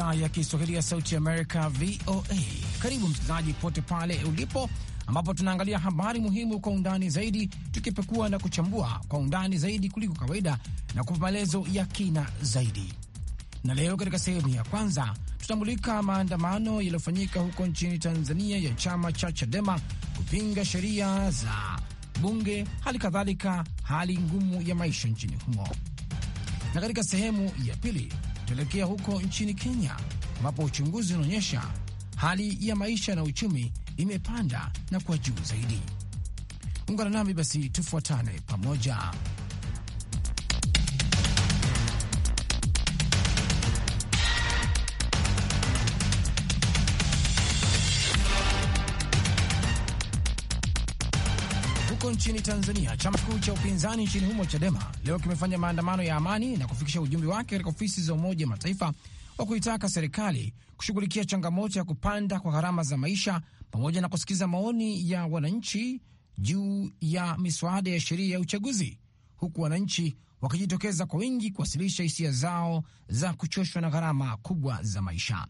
idhaa ya Kiswahili ya Sauti Amerika, VOA. Karibu msikilizaji popote pale ulipo, ambapo tunaangalia habari muhimu kwa undani zaidi, tukipekua na kuchambua kwa undani zaidi kuliko kawaida na kupa maelezo ya kina zaidi. Na leo katika sehemu ya kwanza tutamulika maandamano yaliyofanyika huko nchini Tanzania ya chama cha Chadema kupinga sheria za bunge, hali kadhalika hali ngumu ya maisha nchini humo, na katika sehemu ya pili Tuelekea huko nchini Kenya ambapo uchunguzi unaonyesha hali ya maisha na uchumi imepanda na kwa juu zaidi. Ungana nami basi tufuatane pamoja. nchini Tanzania, chama kikuu cha upinzani nchini humo Chadema leo kimefanya maandamano ya amani na kufikisha ujumbe wake katika ofisi za Umoja Mataifa wa kuitaka serikali kushughulikia changamoto ya kupanda kwa gharama za maisha pamoja na kusikiza maoni ya wananchi juu ya miswada ya sheria ya uchaguzi, huku wananchi wakijitokeza kwa wingi kuwasilisha hisia zao za kuchoshwa na gharama kubwa za maisha.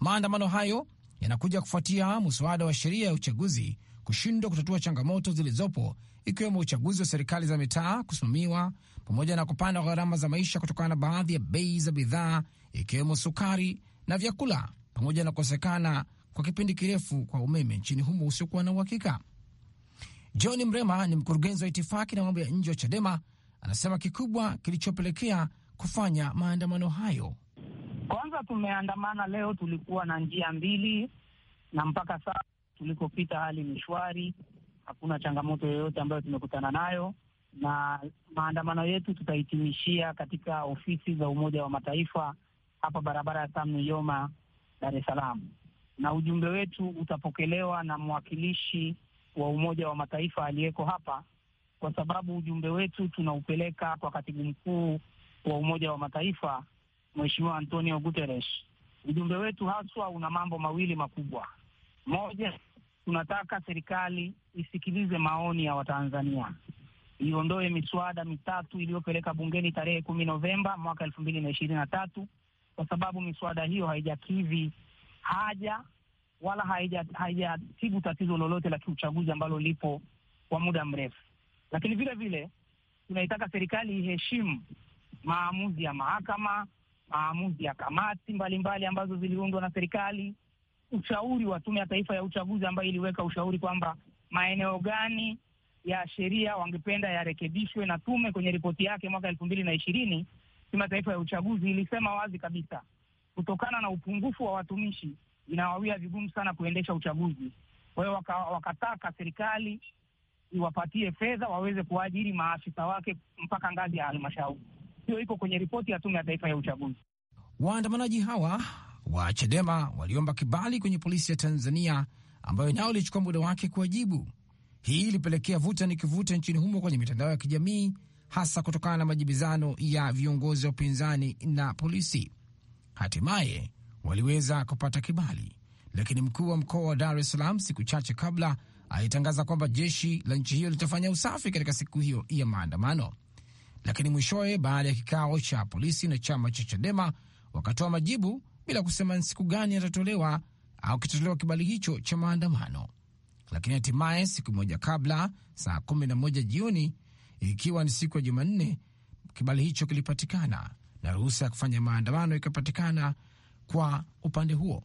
Maandamano hayo yanakuja kufuatia muswada wa sheria ya uchaguzi kushindwa kutatua changamoto zilizopo ikiwemo uchaguzi wa serikali za mitaa kusimamiwa pamoja na kupanda kwa gharama za maisha kutokana na baadhi ya bei za bidhaa ikiwemo sukari na vyakula pamoja na kukosekana kwa kipindi kirefu kwa umeme nchini humo usiokuwa na uhakika. John Mrema ni mkurugenzi wa itifaki na mambo ya nje wa CHADEMA anasema kikubwa kilichopelekea kufanya maandamano hayo. Kwanza tumeandamana leo, tulikuwa na njia mbili na mpaka sasa tulikopita hali ni shwari, hakuna changamoto yoyote ambayo tumekutana nayo, na maandamano yetu tutahitimishia katika ofisi za Umoja wa Mataifa hapa barabara ya Sam Nujoma, Dar es Salaam, na ujumbe wetu utapokelewa na mwakilishi wa Umoja wa Mataifa aliyeko hapa, kwa sababu ujumbe wetu tunaupeleka kwa katibu mkuu wa Umoja wa Mataifa Mheshimiwa Antonio Guterres. Ujumbe wetu haswa una mambo mawili makubwa. Moja, tunataka serikali isikilize maoni ya Watanzania, iondoe miswada mitatu iliyopeleka bungeni tarehe kumi Novemba mwaka elfu mbili na ishirini na tatu kwa sababu miswada hiyo haijakidhi haja wala haijatibu tatizo lolote la kiuchaguzi ambalo lipo kwa muda mrefu. Lakini vile vile tunaitaka serikali iheshimu maamuzi ya mahakama, maamuzi ya kamati mbalimbali mbali ambazo ziliundwa na serikali, ushauri wa Tume ya Taifa ya Uchaguzi ambayo iliweka ushauri kwamba maeneo gani ya sheria wangependa yarekebishwe, na tume kwenye ripoti yake mwaka elfu mbili na ishirini Tume ya Taifa ya Uchaguzi ilisema wazi kabisa, kutokana na upungufu wa watumishi inawawia vigumu sana kuendesha uchaguzi. Kwa hiyo waka, wakataka serikali iwapatie fedha waweze kuajiri maafisa wake mpaka ngazi ya halmashauri. Hiyo iko kwenye ripoti ya Tume ya Taifa ya Uchaguzi. Waandamanaji hawa wa Chadema waliomba kibali kwenye polisi ya Tanzania ambayo nao ilichukua muda wake kuwajibu. Hii ilipelekea vuta ni kivuta nchini humo kwenye mitandao ya kijamii, hasa kutokana na majibizano ya viongozi wa upinzani na polisi. Hatimaye waliweza kupata kibali, lakini mkuu wa mkoa wa Dar es Salaam siku chache kabla alitangaza kwamba jeshi la nchi hiyo litafanya usafi katika siku hiyo ya maandamano. Lakini mwishowe, baada ya kikao cha polisi na chama cha Chadema, wakatoa majibu bila kusema ni siku gani atatolewa au kitatolewa kibali hicho cha maandamano. Lakini hatimaye siku moja kabla, saa kumi na moja jioni, ikiwa ni siku ya Jumanne, kibali hicho kilipatikana na ruhusa ya kufanya maandamano ikapatikana kwa upande huo.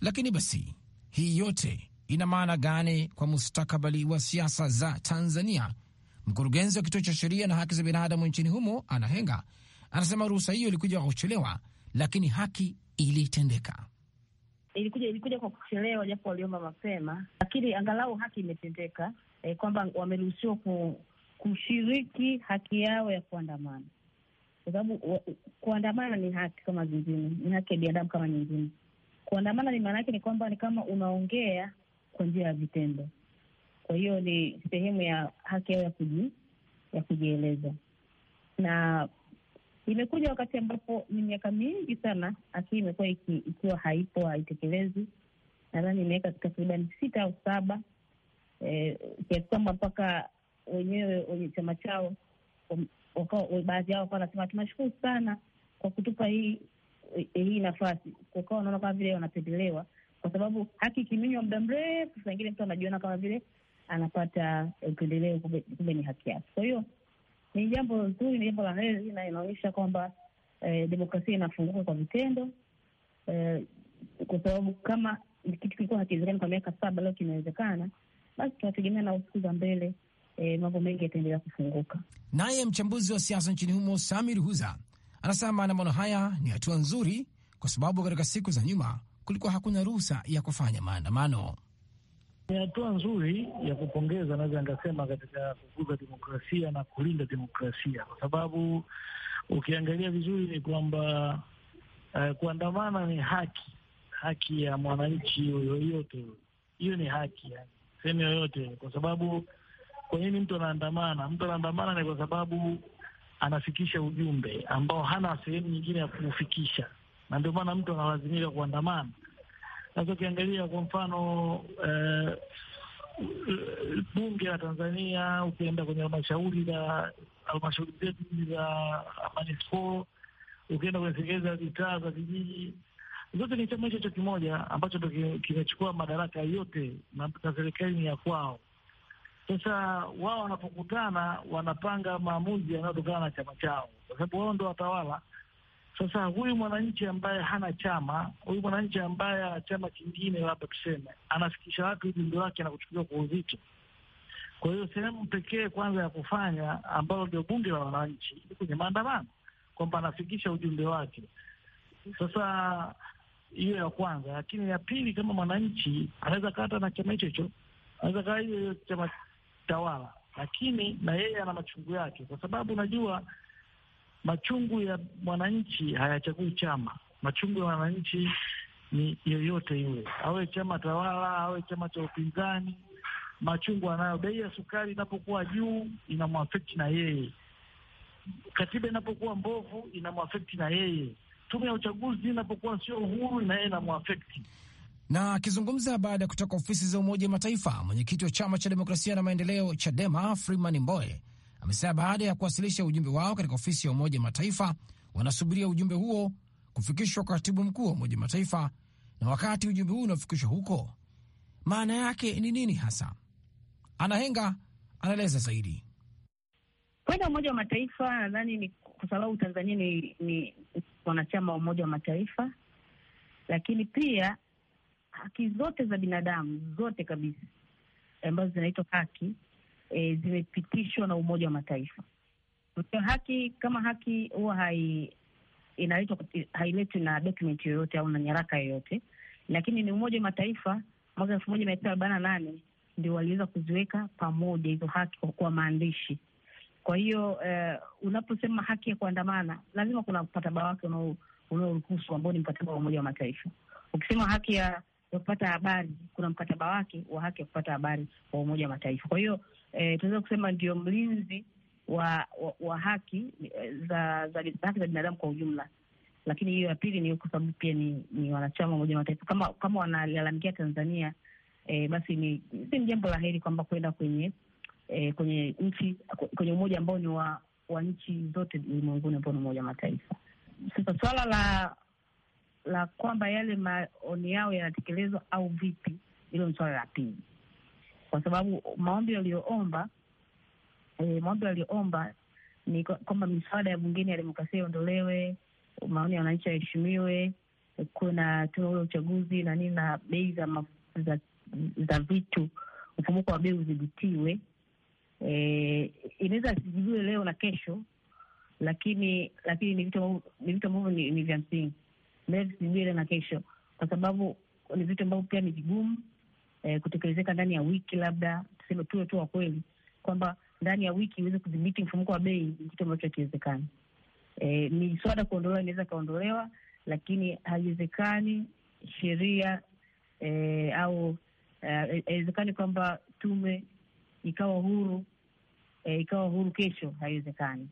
Lakini basi hii yote ina maana gani kwa mustakabali wa siasa za Tanzania? Mkurugenzi wa kituo cha sheria na haki za binadamu nchini humo Anahenga anasema ruhusa hiyo ilikuja kwa kuchelewa, lakini haki ilitendeka? Ilikuja ilikuja kwa kuchelewa, japo waliomba mapema, lakini angalau haki imetendeka eh, kwamba wameruhusiwa kushiriki haki yao ya kuandamana, kwa sababu kuandamana ni haki kama zingine, ni haki ya binadamu kama nyingine. Kuandamana ni maana yake ni kwamba ni kama unaongea kwa njia ya vitendo, kwa hiyo ni sehemu ya haki yao ya kuji, ya kujieleza na Imekuja wakati ambapo ni miaka mingi sana akii imekuwa ikiwa haipo, haitekelezi. Nadhani imeweka takribani sita au saba e, kwamba mpaka wenyewe wenye chama chao baadhi yao wakawa wanasema tunashukuru sana kwa kutupa hii eh, hii nafasi. kukawa wanaona kama vile wanapendelewa, kwa sababu haki ikiminywa muda mrefu, saa ingine mtu anajiona kama vile anapata upendeleo, kumbe ni haki yake. Kwa hiyo ni jambo zuri, ni jambo la heri na inaonyesha kwamba eh, demokrasia inafunguka kwa vitendo eh, kwa sababu kama kitu kilikuwa hakiwezekani kwa miaka saba leo kinawezekana, basi tunategemea na siku za mbele eh, mambo mengi yataendelea kufunguka. Naye mchambuzi wa siasa nchini humo Samir Huza anasema maandamano haya ni hatua nzuri, kwa sababu katika siku za nyuma kulikuwa hakuna ruhusa ya kufanya maandamano. Ni hatua nzuri ya kupongeza, naweza nikasema, katika kukuza demokrasia na kulinda demokrasia, kwa sababu ukiangalia vizuri ni kwamba uh, kuandamana ni haki, haki ya mwananchi yoyote. Hiyo ni haki yani, sehemu yoyote, kwa sababu kwa nini mtu anaandamana? Mtu anaandamana ni kwa sababu anafikisha ujumbe ambao hana sehemu nyingine ya kuufikisha, na ndio maana mtu analazimika kuandamana. Sasa ukiangalia kwa mfano eh, bunge la Tanzania, ukienda kwenye halmashauri za halmashauri zetu za manispaa, ukienda kwenye serikali za vitaa za vijiji, zote ni chama hicho kimoja ambacho ndo kimechukua madaraka yote na serikali ni ya kwao. Sasa wao wanapokutana wanapanga maamuzi yanayotokana na chama chao, kwa sababu wao ndo watawala sasa huyu mwananchi ambaye hana chama, huyu mwananchi ambaye ana chama kingine, labda tuseme, anafikisha wapi ujumbe wake na kuchukuliwa kwa uzito? Kwa hiyo sehemu pekee kwanza ya kufanya ambalo ndio bunge la wananchi ni kwenye maandamano, kwamba anafikisha ujumbe wake. Sasa hiyo ya kwanza, lakini ya pili, kama mwananchi anaweza kaa hata na chama hicho hicho, anaweza kaa hiyo hiyo chama tawala, lakini na yeye ana machungu yake, kwa sababu unajua Machungu ya mwananchi hayachagui chama. Machungu ya mwananchi ni yoyote yule, awe chama tawala, awe chama cha upinzani. Machungu anayo. Bei ya sukari inapokuwa juu inamwafekti na yeye, katiba inapokuwa mbovu inamwafekti na yeye, tume ya uchaguzi inapokuwa sio uhuru na yeye inamwafekti na akizungumza baada ya kutoka ofisi za Umoja wa Mataifa, mwenyekiti wa chama cha demokrasia na maendeleo CHADEMA Freeman Mbowe amesema baada ya kuwasilisha ujumbe wao katika ofisi ya Umoja Mataifa, wanasubiria ujumbe huo kufikishwa kwa katibu mkuu wa Umoja Mataifa. Na wakati ujumbe huu unaofikishwa huko, maana yake ni nini hasa? Anahenga anaeleza zaidi. Kwenda Umoja wa Mataifa nadhani ni kwa sababu Tanzania ni, ni wanachama wa Umoja wa Mataifa, lakini pia haki zote za binadamu zote kabisa ambazo zinaitwa haki e, zimepitishwa na Umoja wa Mataifa. Haki kama haki huwa hai inaletwa hailetwi na dokumenti yoyote au na nyaraka yoyote, lakini ni Umoja wa Mataifa mwaka elfu moja mia tisa arobaini na nane ndio waliweza kuziweka pamoja hizo haki kwa, kuwa maandishi. Kwa hiyo uh, unaposema haki ya kuandamana lazima kuna mkataba wake unaoruhusu ambao ni mkataba wa Umoja wa Mataifa. Ukisema haki ya kupata habari, kuna mkataba wake wa haki ya kupata habari wa Umoja wa Mataifa. Kwa hiyo eh, tunaweza kusema ndio mlinzi wa, wa, wa haki eh, za, za haki za binadamu kwa ujumla. Lakini hiyo ya pili ni kwa sababu pia ni, ni wanachama wa Umoja Mataifa. Kama kama wanalalamikia Tanzania e, basi ni si jambo la heri kwamba kwenda kwenye e, kwenye nchi kwenye umoja ambao ni wa, wa nchi zote ulimwenguni ambao ni Umoja wa Mataifa. Sasa swala la la kwamba yale maoni yao yanatekelezwa au vipi, hilo ni swala la pili, kwa sababu maombi yaliyoomba e, maombi yaliyoomba ni kwamba miswada ya bungeni ya demokrasia iondolewe, maoni ya wananchi yaheshimiwe, na tume ule uchaguzi na nini na bei za, za, za vitu, mfumuko wa bei udhibitiwe. E, inaweza sijijue leo na kesho, lakini lakini ni vitu ambavyo ni vya msingi leo sijui na kesho, kwa sababu ni vitu ambavyo pia ni vigumu eh, kutekelezeka ndani ya wiki, labda tuseme, tuwe tu wa kweli kwamba ndani ya wiki iweze kudhibiti mfumuko wa bei, ni kitu ambacho hakiwezekani. Eh, swada kuondolewa inaweza ikaondolewa, lakini haiwezekani sheria eh, au eh, haiwezekani eh, kwamba tume ikawa huru eh, ikawa huru kesho, haiwezekani.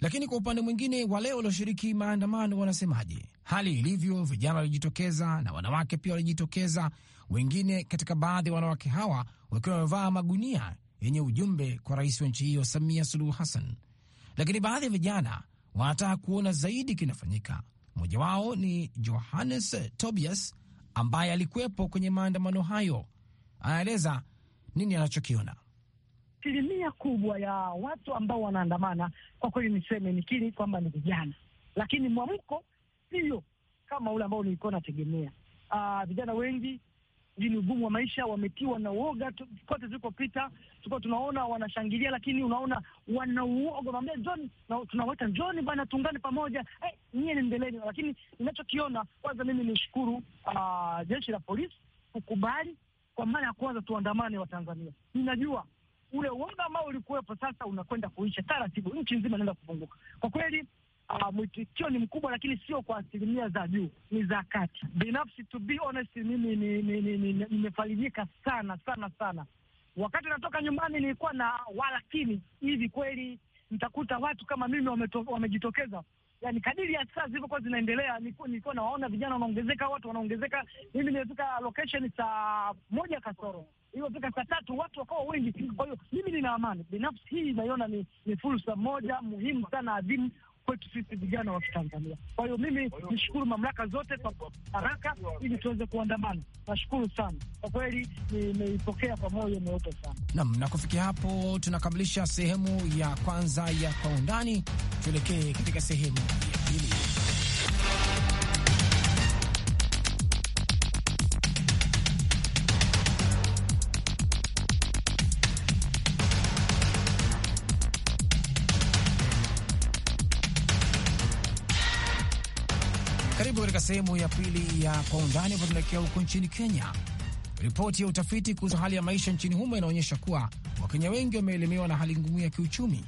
Lakini kwa upande mwingine, wale walioshiriki maandamano wanasemaje hali ilivyo? Vijana walijitokeza na wanawake pia walijitokeza, wengine katika baadhi ya wanawake hawa wakiwa wamevaa magunia yenye ujumbe kwa rais wa nchi hiyo Samia Suluhu Hassan. Lakini baadhi ya vijana wanataka kuona zaidi kinafanyika. Mmoja wao ni Johannes Tobias ambaye alikuwepo kwenye maandamano hayo, anaeleza nini anachokiona asilimia kubwa ya watu ambao wanaandamana kwa kweli, niseme nikiri kwamba ni vijana, lakini mwamko sio kama ule ambao nilikuwa nategemea. Ah, vijana wengi ni ugumu wa maisha, wametiwa na uoga. Kote zilikopita tulikuwa tunaona wanashangilia, lakini unaona wana uoga, naambia John, tunaweta John bana, tuungane pamoja, eh, nyie nendeleni Lakini ninachokiona kwanza, mimi nishukuru ah, jeshi la polisi kukubali kwa mara ya kwanza tuandamane watanzania Ninajua ule uoga ambao ulikuwepo sasa unakwenda kuisha taratibu, nchi nzima inaenda kupunguka kwa kweli. Uh, mwitikio ni mkubwa, lakini sio kwa asilimia za juu, ni za kati. Binafsi, to be honest, mimi nimefarijika sana sana sana. Wakati natoka nyumbani nilikuwa na walakini, hivi kweli nitakuta watu kama mimi wamejitokeza? Yani, kadiri ya saa zilivyokuwa zinaendelea, nilikuwa nawaona vijana wanaongezeka, watu wanaongezeka. Mimi nimefika location saa moja kasoro iliyofika saa tatu watu wakawa wengi. Kwa hiyo mimi nina amani binafsi, hii inaiona ni, ni fursa moja muhimu sana adhimu kwetu sisi vijana wa Kitanzania. Kwa hiyo mimi nishukuru mamlaka zote kwa haraka ili tuweze kuandamana. Nashukuru sana kwa kweli, nimeipokea kwa moyo mweupe sana. Naam, na kufikia hapo tunakamilisha sehemu ya kwanza ya kwa undani, tuelekee katika sehemu ya pili. sehemu ya pili ya kwa undani ambayo tunaelekea huko nchini Kenya. Ripoti ya utafiti kuhusu hali ya maisha nchini humo inaonyesha kuwa Wakenya wengi wameelemewa na hali ngumu ya kiuchumi.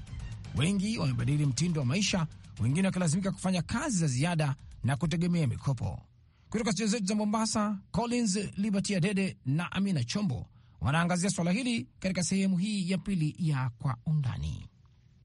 Wengi wamebadili mtindo wa maisha, wengine wakilazimika kufanya kazi za ziada na kutegemea mikopo. Kutoka studio zetu za Mombasa, Collins Liberty Adede na Amina Chombo wanaangazia swala hili katika sehemu hii ya pili ya kwa undani.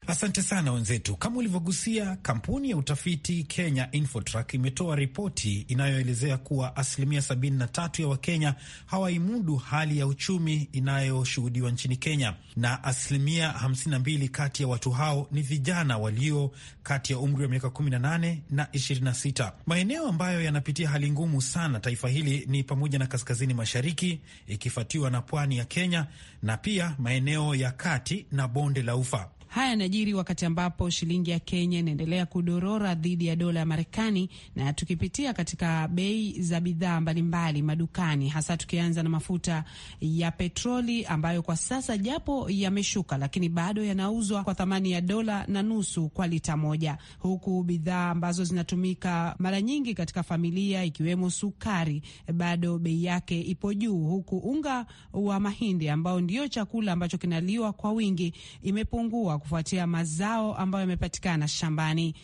Asante sana wenzetu. Kama ulivyogusia, kampuni ya utafiti Kenya Infotrack imetoa ripoti inayoelezea kuwa asilimia 73 ya Wakenya hawaimudu hali ya uchumi inayoshuhudiwa nchini Kenya, na asilimia 52 kati ya watu hao ni vijana walio kati ya umri wa miaka 18 na 26. Maeneo ambayo yanapitia hali ngumu sana taifa hili ni pamoja na kaskazini mashariki, ikifuatiwa na pwani ya Kenya na pia maeneo ya kati na bonde la Ufa. Haya yanajiri wakati ambapo shilingi ya Kenya inaendelea kudorora dhidi ya dola ya Marekani, na tukipitia katika bei za bidhaa mbalimbali madukani, hasa tukianza na mafuta ya petroli ambayo kwa sasa japo yameshuka, lakini bado yanauzwa kwa thamani ya dola na nusu kwa lita moja, huku bidhaa ambazo zinatumika mara nyingi katika familia ikiwemo sukari bado bei yake ipo juu, huku unga wa mahindi ambao ndio chakula ambacho kinaliwa kwa wingi imepungua kufuatia mazao ambayo yamepatikana shambani.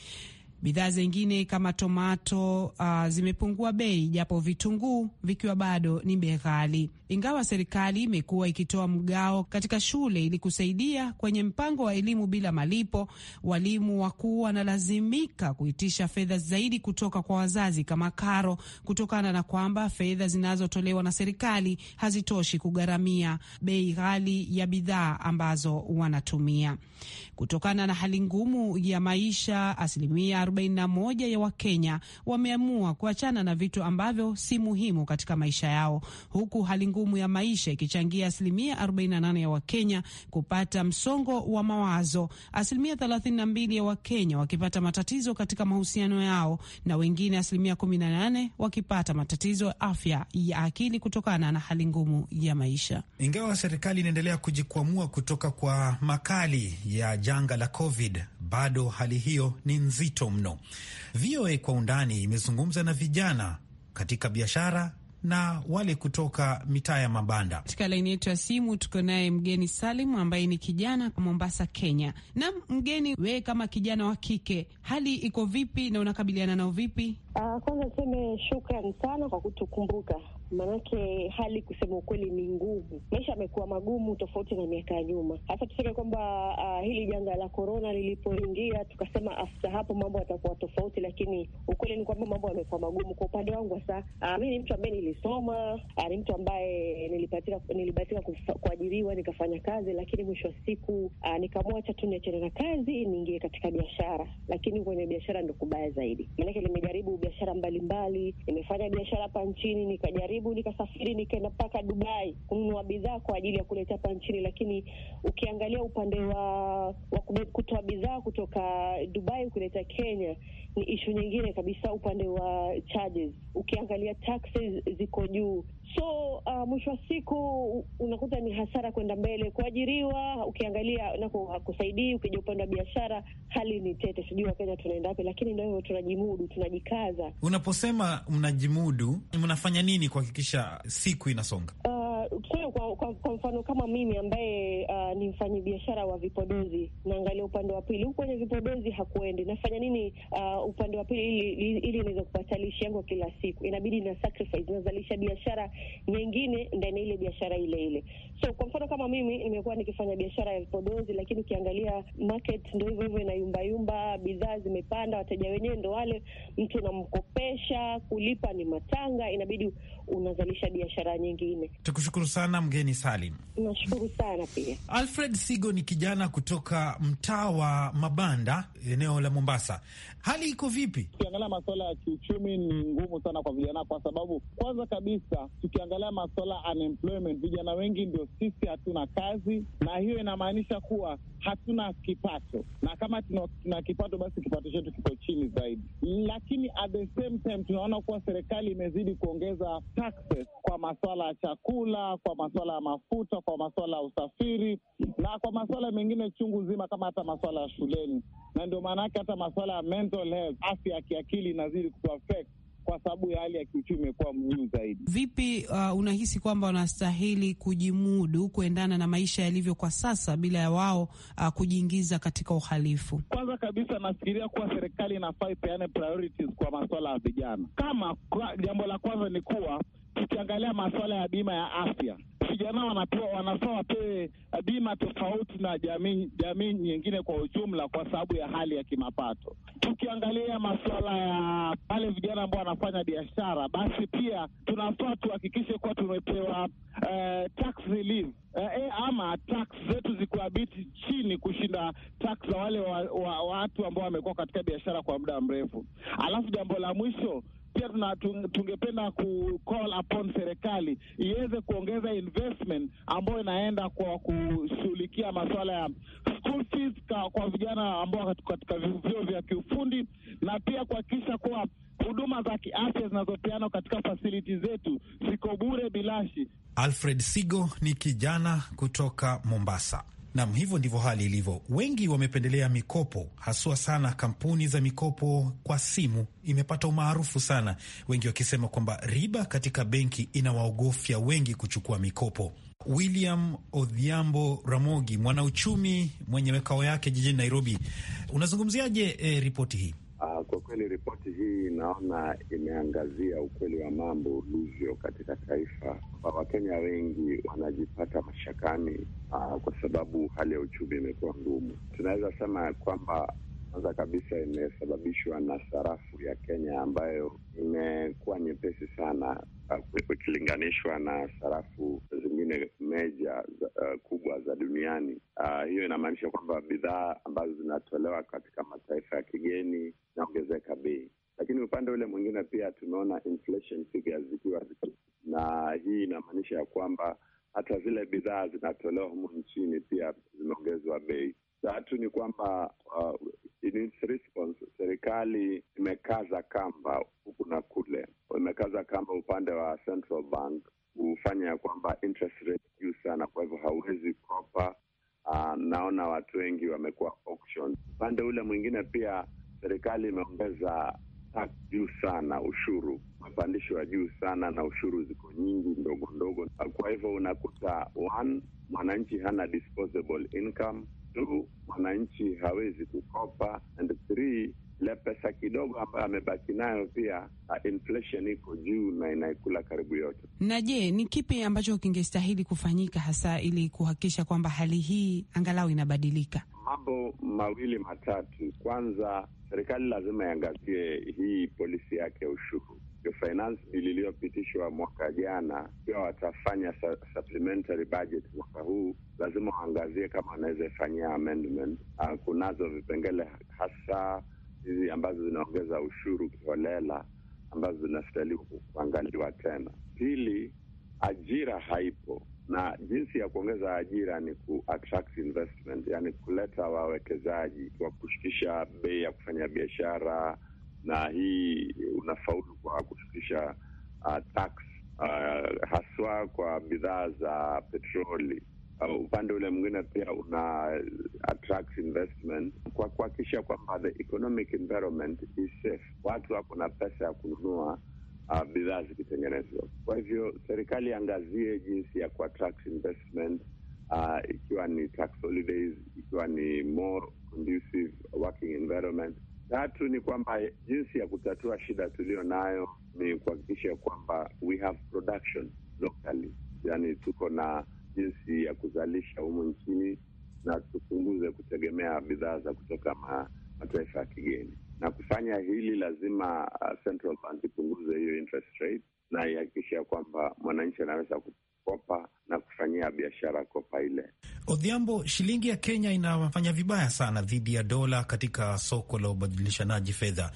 Bidhaa zingine kama tomato uh, zimepungua bei, japo vitunguu vikiwa bado ni bei ghali, ingawa serikali imekuwa ikitoa mgao katika shule ili kusaidia kwenye mpango wa elimu bila malipo. Walimu wakuu wanalazimika kuitisha fedha zaidi kutoka kwa wazazi kama karo, kutokana na kwamba fedha zinazotolewa na serikali hazitoshi kugharamia bei ghali ya bidhaa ambazo wanatumia. Kutokana na hali ngumu ya maisha, asilimia 41 ya Wakenya wameamua kuachana na vitu ambavyo si muhimu katika maisha yao, huku hali ngumu ya maisha ikichangia asilimia 48 ya Wakenya kupata msongo wa mawazo, asilimia 32 ya Wakenya wakipata matatizo katika mahusiano yao, na wengine asilimia 18 wakipata matatizo ya afya ya akili kutokana na hali ngumu ya maisha. Ingawa serikali inaendelea kujikwamua kutoka kwa makali ya janga la COVID, bado hali hiyo ni nzito mno mno. VOA kwa undani imezungumza na vijana katika biashara na wale kutoka mitaa ya mabanda. Katika laini yetu ya simu tuko naye mgeni Salim ambaye ni kijana kwa Mombasa, Kenya. Na mgeni, wewe kama kijana wa kike, hali iko vipi na unakabiliana nao vipi? Uh, kwanza niseme shukran sana kwa kutukumbuka maanake hali kusema ukweli ni nguvu. Maisha yamekuwa magumu tofauti na miaka ya nyuma, hasa tuseme kwamba uh, hili janga la korona lilipoingia tukasema afta hapo mambo yatakuwa tofauti, lakini ukweli ni kwamba mambo yamekuwa magumu. Kwa upande wangu hasa uh, mi ni mtu ambaye nilisoma uh, ni mtu ambaye nilibahatika nilibahatika kuajiriwa nikafanya kazi, lakini mwisho wa siku uh, nikamwacha tu niachane na kazi niingie katika biashara, lakini kwenye biashara ndo kubaya zaidi, maanake nimejaribu biashara mbalimbali, nimefanya biashara hapa nchini nikajaribu karibu nikasafiri nikaenda mpaka Dubai kununua bidhaa kwa ajili ya kuleta hapa nchini, lakini ukiangalia upande wa, wa kutoa bidhaa kutoka Dubai kuleta Kenya ni ishu nyingine kabisa upande wa charges. Ukiangalia taxes ziko juu, so uh, mwisho wa siku unakuta ni hasara kwenda mbele. Kuajiriwa ukiangalia nako hakusaidii. Ukija upande wa biashara, hali ni tete, sijui Wakenya tunaenda wapi, lakini ndo hivyo, tunajimudu, tunajikaza. Unaposema mnajimudu, mnafanya nini kuhakikisha siku inasonga? uh, tuseme kwa, kwa, kwa mfano kama mimi ambaye uh, ni biashara wa vipodozi, naangalia upande wa pili, huku kwenye vipodozi hakuendi, nafanya nini uh, upande wa pili ili, ili niweze kupata lishi yangu kila siku, inabidi na sacrifice, nazalisha biashara nyingine ndani ile biashara ile ile. So kwa mfano kama mimi nimekuwa nikifanya biashara ya vipodozi, lakini ukiangalia market ndo hivyo hivyo inayumbayumba, bidhaa zimepanda, wateja wenyewe ndo wale, mtu unamkopesha, kulipa ni matanga, inabidi unazalisha biashara nyingine. Tukushu Nashukuru sana mgeni Salim. Nashukuru sana pia. Alfred Sigo ni kijana kutoka mtaa wa Mabanda, eneo la Mombasa. Hali iko vipi? Tukiangalia masuala ya kiuchumi ni ngumu sana kwa vijana, kwa sababu kwanza kabisa tukiangalia masuala unemployment, vijana wengi ndio sisi hatuna kazi, na hiyo inamaanisha kuwa hatuna kipato, na kama tuna, tuna kipato basi kipato chetu kiko chini zaidi. Lakini at the same time tunaona kuwa serikali imezidi kuongeza taxes kwa masuala ya chakula kwa masuala ya mafuta, kwa masuala ya usafiri na kwa masuala mengine chungu nzima, kama hata masuala ya shuleni. Na ndio maana yake hata masuala ya mental health, afya ya kiakili inazidi kuwa kwa sababu ya hali ya kiuchumi imekuwa mjuu zaidi. Vipi uh, unahisi kwamba wanastahili kujimudu kuendana na maisha yalivyo kwa sasa bila ya wao uh, kujiingiza katika uhalifu? Kwanza kabisa, nafikiria kuwa serikali inafaa ipeane priorities kwa masuala ya vijana. Kama jambo la kwanza ni kuwa tukiangalia masuala ya bima ya afya vijana wanapewa wanafaa wapewe eh, bima tofauti na jamii jamii nyingine kwa ujumla, kwa sababu ya hali ya kimapato. Tukiangalia masuala ya wale vijana ambao wanafanya biashara, basi pia tunafaa tuhakikishe kuwa tumepewa eh, tax relief eh, eh, ama tax zetu zikuabiti chini kushinda tax za wale wa, wa, watu ambao wamekuwa katika biashara kwa muda mrefu. Alafu jambo la mwisho pia tungependa ku call upon serikali iweze kuongeza investment ambayo inaenda kwa kushughulikia masuala ya school fees kwa, kwa vijana ambao katika vyuo vya kiufundi na pia kuhakikisha kuwa huduma za kiafya zinazopeanwa katika fasiliti zetu ziko bure bilashi. Alfred Sigo ni kijana kutoka Mombasa. Nam, hivyo ndivyo hali ilivyo. Wengi wamependelea mikopo, haswa sana kampuni za mikopo kwa simu imepata umaarufu sana, wengi wakisema kwamba riba katika benki inawaogofya wengi kuchukua mikopo. William Odhiambo Ramogi, mwanauchumi mwenye makao yake jijini Nairobi, unazungumziaje eh, ripoti hii? Uh, kwa kweli ripoti naona imeangazia ukweli wa mambo ulivyo katika taifa. Wakenya wengi wanajipata mashakani uh, kwa sababu hali ya uchumi imekuwa ngumu. Tunaweza sema kwamba kwanza kabisa imesababishwa na sarafu ya Kenya ambayo imekuwa nyepesi sana ah, ikilinganishwa na sarafu zingine meja uh, kubwa za duniani. Uh, hiyo inamaanisha kwamba bidhaa ambazo zinatolewa katika mataifa ya kigeni inaongezeka bei lakini upande ule mwingine pia tumeona inflation figures zikiwa na hii inamaanisha ya kwamba hata zile bidhaa zinatolewa humu nchini pia zimeongezwa bei. Tatu ni kwamba uh, in response, serikali imekaza kamba huku na kule, imekaza kamba upande wa central bank hufanya ya kwamba interest rate juu sana, kwa hivyo hauwezi kopa. Uh, naona watu wengi wamekuwa auction. Upande ule mwingine pia serikali imeongeza tax juu sana, ushuru mapandisho ya juu sana na ushuru ziko nyingi ndogo ndogo. Kwa hivyo unakuta one, mwananchi hana disposable income; two, mwananchi hawezi kukopa; and three, ile pesa kidogo ambayo amebaki nayo pia uh, inflation iko juu na inaikula karibu yote. Na je, ni kipi ambacho kingestahili kufanyika hasa ili kuhakikisha kwamba hali hii angalau inabadilika? Mambo mawili matatu. Kwanza, serikali lazima iangazie hii polisi yake ya ushuru finance iliyopitishwa mwaka jana. Pia watafanya supplementary budget mwaka huu, lazima waangazie kama wanaweza ifanyia amendment. Ah, kunazo vipengele hasa hizi ambazo zinaongeza ushuru kiholela, ambazo zinastahili kuangaliwa tena. Pili, ajira haipo na jinsi ya kuongeza ajira ni ku attract investment, yani kuleta wawekezaji kwa kushukisha bei ya kufanya biashara, na hii unafaulu kwa kushukisha uh, tax uh, haswa kwa bidhaa za petroli. Uh, upande ule mwingine pia una attract investment kwa kuhakikisha kwamba the economic environment is safe, watu wako na pesa ya kununua bidhaa zikitengenezwa. Kwa hivyo serikali iangazie jinsi ya kuattract investment uh, ikiwa ni tax holidays, ikiwa ni more conducive working environment. Tatu ni kwamba jinsi ya kutatua shida tuliyo nayo ni kuhakikisha kwamba we have production locally, yani tuko na jinsi ya kuzalisha humu nchini na tupunguze kutegemea bidhaa za kutoka mataifa ya kigeni na kufanya hili lazima uh, central bank ipunguze hiyo interest rate na ihakikishia kwamba mwananchi anaweza kukopa na kufanyia biashara kopa ile. Odhiambo, shilingi ya Kenya inafanya vibaya sana dhidi ya dola katika soko la ubadilishanaji fedha.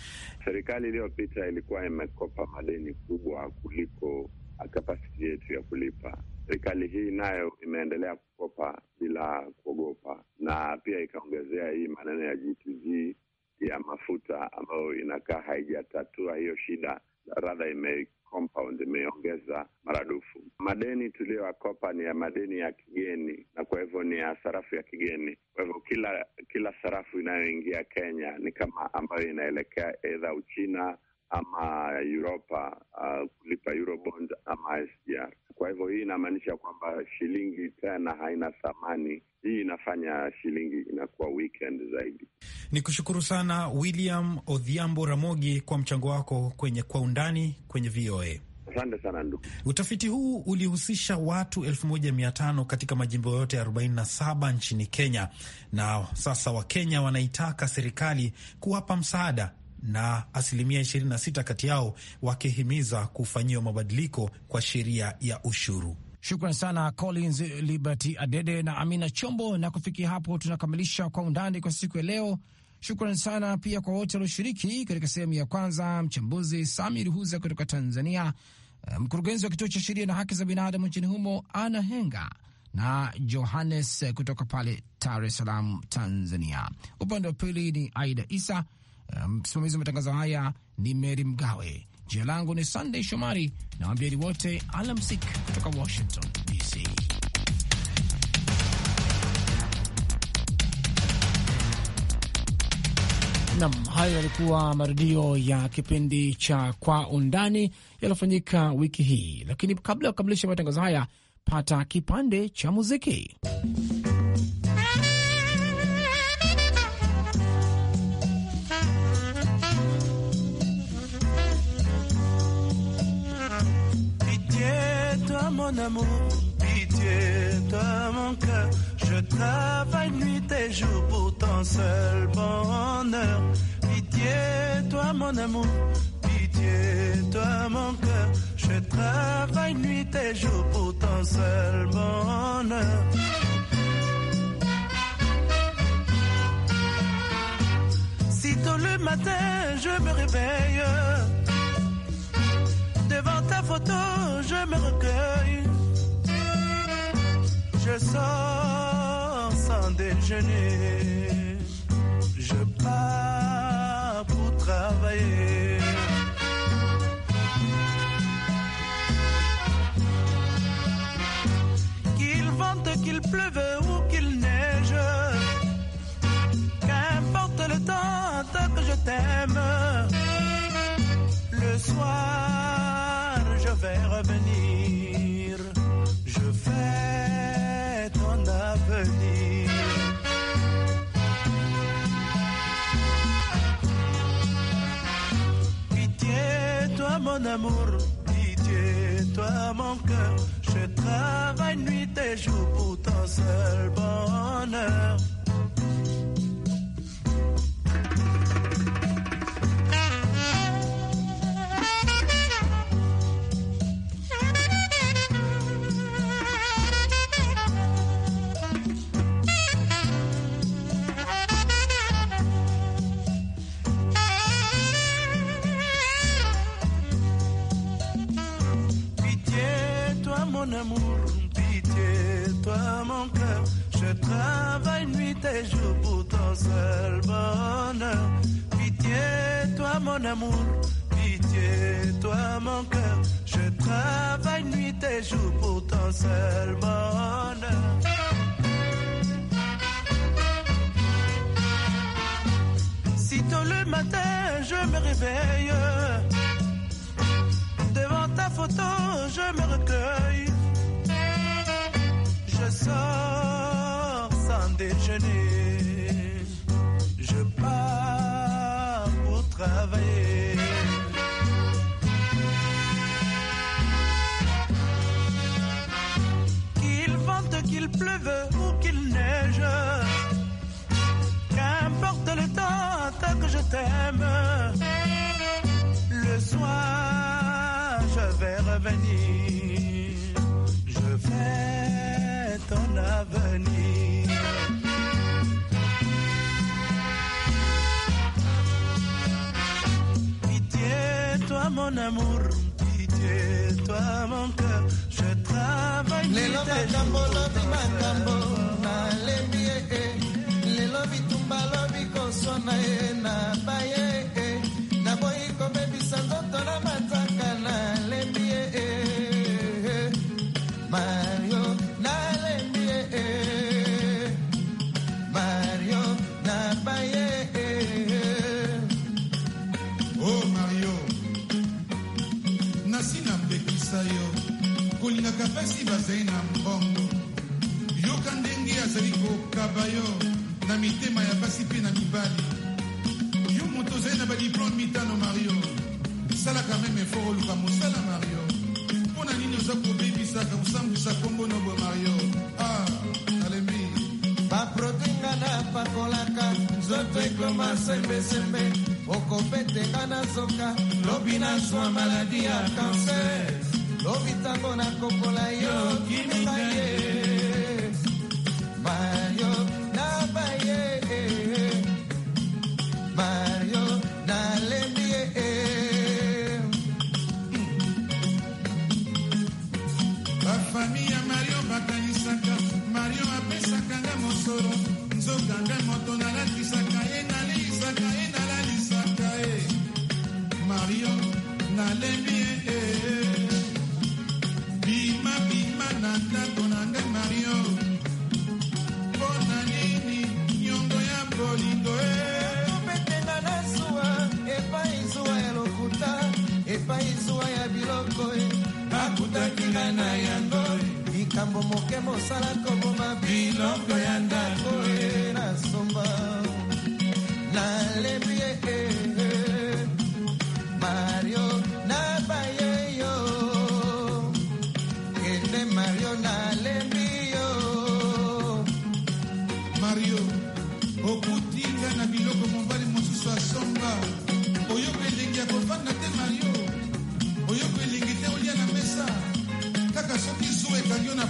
Serikali iliyopita ilikuwa imekopa madeni kubwa kuliko kapasiti uh, yetu ya kulipa. Serikali hii nayo imeendelea kukopa bila kuogopa, na pia ikaongezea hii maneno ya GTG ya mafuta ambayo inakaa haijatatua hiyo shida, radha ime compound imeongeza maradufu. Madeni tuliyoyakopa ni ya madeni ya kigeni, na kwa hivyo ni ya sarafu ya kigeni. Kwa hivyo kila kila sarafu inayoingia Kenya ni kama ambayo inaelekea edha Uchina ama Europa uh, kulipa Eurobond ama SDR. Kwa hivyo hii inamaanisha kwamba shilingi tena haina thamani. Hii inafanya shilingi inakuwa weekend zaidi. Ni kushukuru sana William Odhiambo Ramogi kwa mchango wako kwenye kwa undani kwenye VOA. Asante sana ndugu. Utafiti huu ulihusisha watu 1500 katika majimbo yote 47 nchini Kenya, na sasa Wakenya wanaitaka serikali kuwapa msaada na asilimia 26 kati yao wakihimiza kufanyiwa mabadiliko kwa sheria ya ushuru. Shukran sana Collins Liberty Adede na Amina Chombo. Na kufikia hapo, tunakamilisha Kwa Undani kwa siku ya leo. Shukran sana pia kwa wote walioshiriki katika sehemu ya kwanza, mchambuzi Sami Ruhuza kutoka Tanzania, mkurugenzi wa kituo cha sheria na haki za binadamu nchini humo Ana Henga na Johannes kutoka pale Dar es Salaam, Tanzania. Upande wa pili ni Aida Isa. Um, msimamizi um, wa matangazo haya ni Meri Mgawe. Jina langu ni Sunday Shomari na waambieni wote alamsik kutoka Washington DC. Nam, hayo yalikuwa marudio ya kipindi cha Kwa Undani yaliyofanyika wiki hii, lakini kabla ya kukamilisha matangazo haya, pata kipande cha muziki. mon amour, pitié toi mon cœur. Je travaille nuit et jour pour ton seul bonheur. Pitié, toi mon amour, pitié, toi mon cœur. Je travaille nuit et jour pour ton seul bonheur. tôt le matin, je me réveille Devant ta photo, je me recueille. Je sors sans déjeuner. Je pars pour travailler. Qu'il vente, qu'il pleuve ou qu'il neige. Qu'importe le temps, tant que je t'aime. Le soir amour, pitié, toi mon cœur. Je travaille nuit et jour pour ton seul bonheur. mon amour, pitié, toi mon cœur. Je travaille nuit et jour pour ton seul bonheur. Sitôt le matin, je me réveille. Devant ta photo, je me recueille. Je sors sans déjeuner. Je pars. Qu'il vente, qu'il pleuve ou qu'il neige, qu'importe le temps, tant que je t'aime, le soir je vais revenir, je fais ton avenir. mon amour, pitié, toi mon cœur, je travaille. Les lovitambo, lovimatambo, nalemie, les lovitumba, lovicosona, na baye, Kapasiba Zaina Mbongo yoka ndenge azali kokaba yo na mitema ya basi mpe na mibali yo moto ozali na badiplome mitano mario salaka meme efort oluka mosala mario mpo na nini oza kobebisaka kosambwisa mario ah alembi nzoto sembesembe okopetenga na zoka lobi na zwa maladi ya kanser Lobita con aco por la yo, moke mosala koboma biloko ya ndako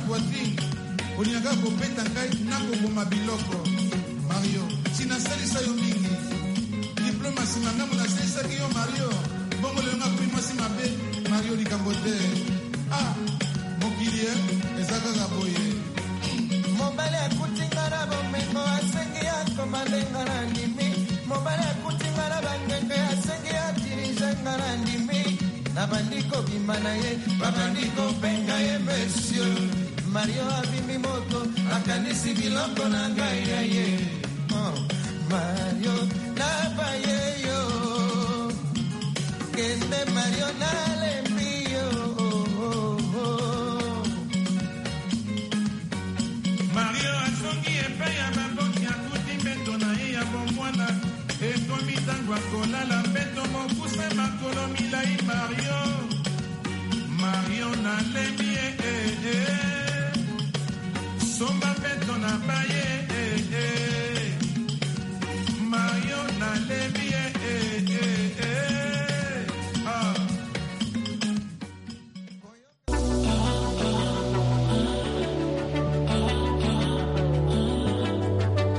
voisin olingaka kopeta ngai nakoboma biloko mario sinasalisa yo mingi diplomasi na ngambo nasalisaki yo mario bongo lelo nakomi mwasi mabe mario likambo te ah mokili e eza kaka boye mobali akutinga na bomengo asengi akoma ndenga na ndimi mobali akutinga na bangenge asengi adirigenga na ndimi nabandi kobima na ye babandi kobenga ye monsieur Mario abimbi moto akanisi biloko na ngai ya ye oh, Mario nabaye yo kende Mario nalembi yo Mario asongi epai ya baboki akuti mbeto na ye ya bomwana ekomi mitango akolala mbeto mokuse makolo milai Mario Mario nalembi ye eh, eh, eh. somba mpeto na baye eh, eh. mayo nalebi